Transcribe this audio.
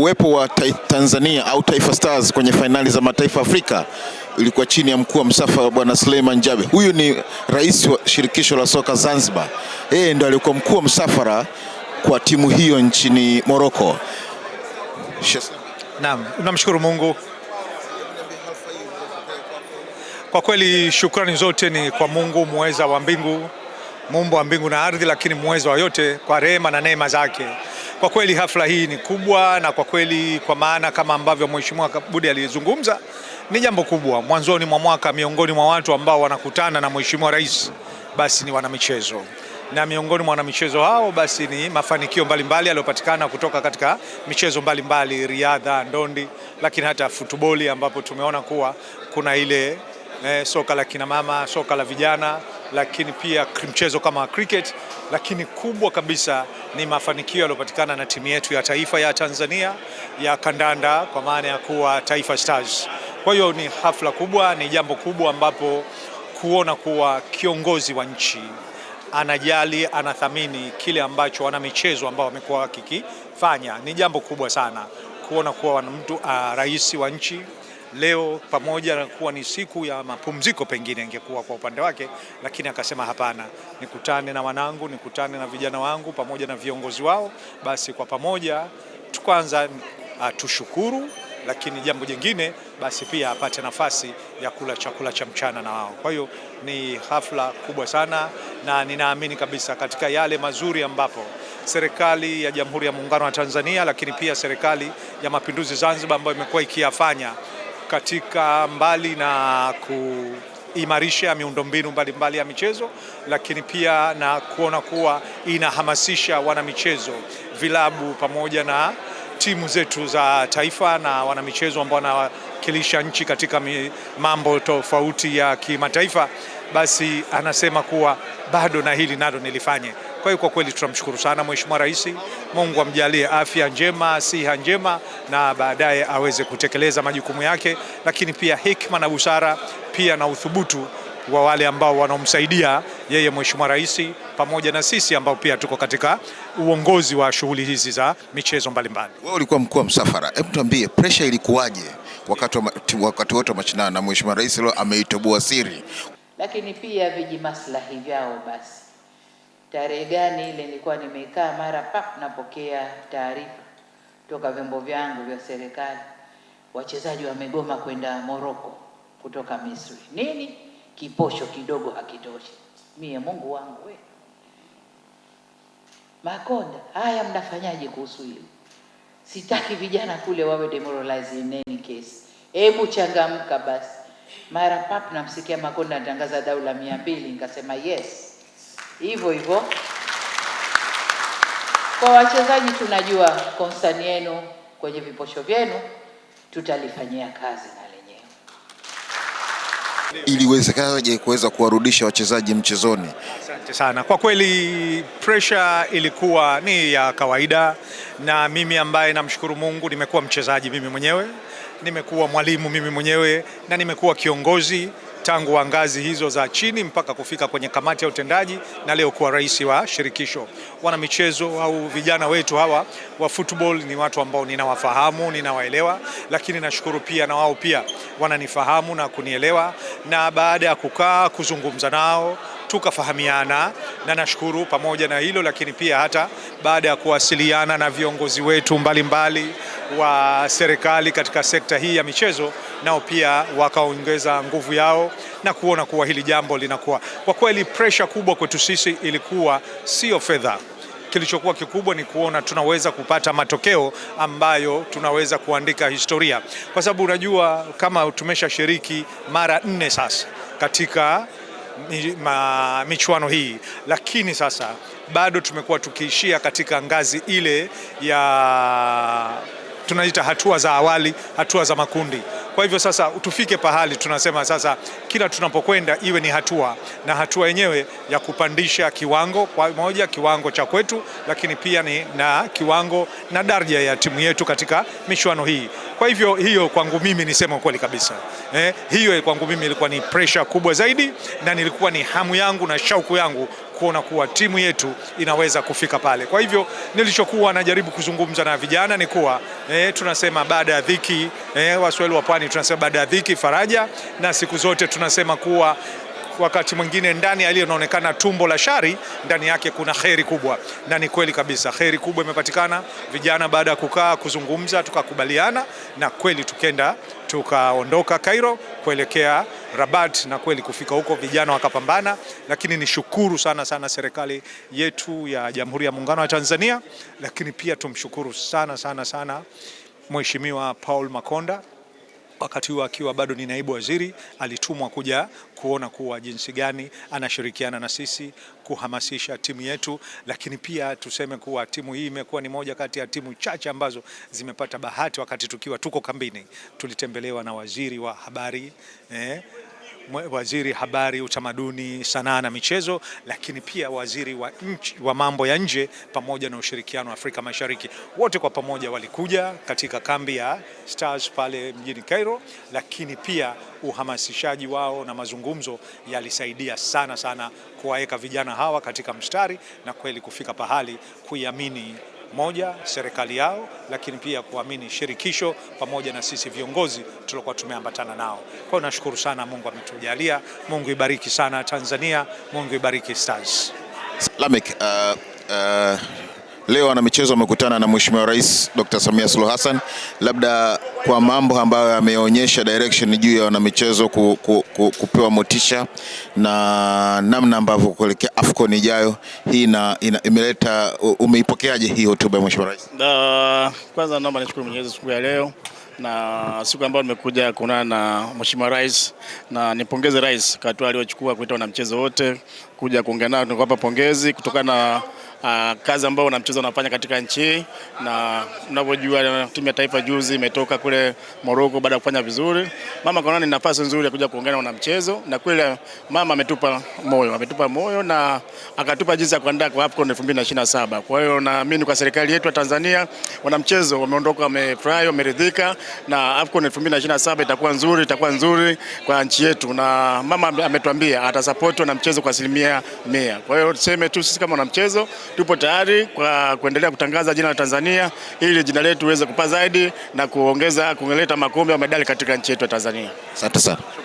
Uwepo wa Tanzania au Taifa Stars kwenye fainali za mataifa Afrika ilikuwa chini ya mkuu wa msafara Bwana Suleiman Jabe. Huyu ni rais wa shirikisho la soka Zanzibar, yeye ndo alikuwa mkuu wa msafara kwa timu hiyo nchini Morocco. Naam, namshukuru Mungu kwa kweli, shukrani zote ni kwa Mungu muweza wa mbingu muumba wa mbingu na ardhi, lakini mwezo wa yote kwa rehema na neema zake. Kwa kweli hafla hii ni kubwa, na kwa kweli, kwa maana kama ambavyo Mheshimiwa Kabudi alizungumza, ni jambo kubwa mwanzoni mwa mwaka. Miongoni mwa watu ambao wanakutana na Mheshimiwa Rais basi ni wanamichezo na miongoni mwa wanamichezo hao basi ni mafanikio mbalimbali yaliyopatikana kutoka katika michezo mbalimbali mbali, riadha, ndondi, lakini hata futuboli ambapo tumeona kuwa kuna ile eh, soka la kinamama, soka la vijana lakini pia mchezo kama cricket, lakini kubwa kabisa ni mafanikio yaliyopatikana na timu yetu ya taifa ya Tanzania ya kandanda kwa maana ya kuwa Taifa Stars. Kwa hiyo ni hafla kubwa, ni jambo kubwa ambapo kuona kuwa kiongozi wa nchi anajali anathamini kile ambacho wana michezo ambao wamekuwa wakikifanya ni jambo kubwa sana, kuona kuwa mtu uh, rais wa nchi leo, pamoja na kuwa ni siku ya mapumziko, pengine ingekuwa kwa upande wake, lakini akasema hapana, nikutane na wanangu, nikutane na vijana wangu pamoja na viongozi wao, basi kwa pamoja kwanza ah, tushukuru lakini jambo jingine basi pia apate nafasi ya kula chakula cha mchana na wao. Kwa hiyo ni hafla kubwa sana, na ninaamini kabisa katika yale mazuri ambapo serikali ya Jamhuri ya Muungano wa Tanzania, lakini pia serikali ya Mapinduzi Zanzibar ambayo imekuwa ikiyafanya katika mbali na kuimarisha miundombinu mbalimbali ya michezo, lakini pia na kuona kuwa inahamasisha wanamichezo, vilabu pamoja na timu zetu za taifa na wanamichezo ambao wanawakilisha nchi katika mambo tofauti ya kimataifa, basi anasema kuwa bado na hili nalo nilifanye. Kwa hiyo kwa kweli tunamshukuru sana Mheshimiwa Rais, Mungu amjalie afya njema, siha njema, na baadaye aweze kutekeleza majukumu yake, lakini pia hikma na busara pia na uthubutu wa wale ambao wanaomsaidia yeye Mheshimiwa Rais pamoja na sisi ambao pia tuko katika uongozi wa shughuli hizi za michezo mbalimbali. Wewe ulikuwa mkuu wa msafara, hebu tuambie pressure ilikuwaje wakati wakati wote wa machinano na Mheshimiwa Rais leo ameitoboa siri, lakini pia vijimaslahi vyao basi tarehe gani ile, nilikuwa nimekaa mara pap, napokea taarifa toka vyombo vyangu vya serikali, wachezaji wamegoma kwenda Moroko kutoka Misri. Nini kiposho kidogo hakitoshi. Mie Mungu wangu we Makonda, haya mnafanyaje kuhusu hili? Sitaki vijana kule wawe demoralized in any case. Hebu changamka basi. Mara pap namsikia Makonda anatangaza dau la mia mbili, nikasema yes hivyo hivyo. Kwa wachezaji, tunajua konsani yenu kwenye viposho vyenu, tutalifanyia kazi na lenyewe. Iliwezekanaje kuweza kuwarudisha wachezaji mchezoni? Asante sana kwa kweli, pressure ilikuwa ni ya kawaida, na mimi ambaye namshukuru Mungu nimekuwa mchezaji mimi mwenyewe, nimekuwa mwalimu mimi mwenyewe, na nimekuwa kiongozi tangu wa ngazi hizo za chini mpaka kufika kwenye kamati ya utendaji na leo kuwa rais wa shirikisho. Wanamichezo au vijana wetu hawa wa football ni watu ambao ninawafahamu, ninawaelewa, lakini nashukuru pia na wao pia wananifahamu na kunielewa, na baada ya kukaa kuzungumza nao tukafahamiana, na nashukuru pamoja na hilo lakini pia hata baada ya kuwasiliana na viongozi wetu mbalimbali mbali wa serikali katika sekta hii ya michezo, nao pia wakaongeza nguvu yao na kuona kuwa hili jambo linakuwa kwa kweli, pressure kubwa kwetu sisi ilikuwa sio fedha kilichokuwa kikubwa ni kuona tunaweza kupata matokeo ambayo tunaweza kuandika historia, kwa sababu unajua kama tumeshashiriki mara nne sasa katika ma, michuano hii, lakini sasa bado tumekuwa tukiishia katika ngazi ile ya tunaita hatua za awali, hatua za makundi. Kwa hivyo sasa tufike pahali tunasema sasa kila tunapokwenda iwe ni hatua, na hatua yenyewe ya kupandisha kiwango kwa moja kiwango cha kwetu, lakini pia ni na kiwango na daraja ya timu yetu katika michuano hii. Kwa hivyo hiyo kwangu mimi nisema kweli kabisa eh, hiyo kwangu mimi ilikuwa ni pressure kubwa zaidi, na nilikuwa ni hamu yangu na shauku yangu kuona kuwa timu yetu inaweza kufika pale. Kwa hivyo nilichokuwa najaribu kuzungumza na vijana ni kuwa eh, tunasema baada ya dhiki eh, Waswahili wa pwani tunasema baada ya dhiki faraja, na siku zote tunasema kuwa wakati mwingine ndani inaonekana tumbo la shari, ndani yake kuna kheri kubwa, na ni kweli kabisa, kheri kubwa imepatikana. Vijana baada ya kukaa kuzungumza, tukakubaliana na kweli tukenda tukaondoka Cairo kuelekea Rabat na kweli kufika huko vijana wakapambana, lakini nishukuru sana sana serikali yetu ya Jamhuri ya Muungano wa Tanzania, lakini pia tumshukuru sana sana sana Mheshimiwa Paul Makonda wakati huo akiwa bado ni naibu waziri, alitumwa kuja kuona kuwa jinsi gani anashirikiana na sisi kuhamasisha timu yetu, lakini pia tuseme kuwa timu hii imekuwa ni moja kati ya timu chache ambazo zimepata bahati. Wakati tukiwa tuko kambini, tulitembelewa na waziri wa habari eh, waziri habari, utamaduni, sanaa na michezo, lakini pia waziri wa, nchi, wa mambo ya nje pamoja na ushirikiano wa Afrika Mashariki. Wote kwa pamoja walikuja katika kambi ya Stars pale mjini Cairo, lakini pia uhamasishaji wao na mazungumzo yalisaidia sana sana kuwaweka vijana hawa katika mstari na kweli kufika pahali kuiamini moja, serikali yao, lakini pia kuamini shirikisho pamoja na sisi viongozi tuliokuwa tumeambatana nao. Kwa hiyo nashukuru sana, Mungu ametujalia. Mungu ibariki sana Tanzania, Mungu ibariki Stars. Lamek, uh, uh leo wanamichezo wamekutana na Mheshimiwa Rais Dr. Samia Suluhu Hassan, labda kwa mambo ambayo yameonyesha direction juu ya wanamichezo ku, ku, ku, kupewa motisha na namna ambavyo kuelekea AFCON ijayo hii na imeleta, umeipokeaje hii hotuba ya Mheshimiwa Rais? Da, kwanza naomba nishukuru Mwenyezi siku ya leo na siku ambayo nimekuja kuonana na Mheshimiwa Rais na nipongeze Rais kwa hatua aliyochukua kuita wanamchezo wote kuja kuongea nao, tunawapa pongezi kutokana na uh, kazi ambayo na mchezo unafanya katika nchi hii, na unavyojua timu ya taifa juzi imetoka kule Morocco baada ya kufanya vizuri. Mama kaona ni nafasi nzuri ya kuja kuongea na mchezo, na kweli mama ametupa moyo, ametupa moyo na akatupa jinsi ya kuandaa kwa AFCON 2027. Kwa hiyo naamini kwa serikali yetu ya Tanzania wanamchezo wameondoka, wamefurahi, wameridhika na AFCON 2027 itakuwa nzuri, itakuwa nzuri kwa nchi yetu, na mama ametuambia atasupport na mchezo kwa asilimia mia. Kwa hiyo tuseme tu sisi kama wanamchezo tupo tayari kwa kuendelea kutangaza jina la Tanzania ili jina letu liweze kupaa zaidi na kuongeza kuleta makombe ya medali katika nchi yetu ya Tanzania. Asante sana.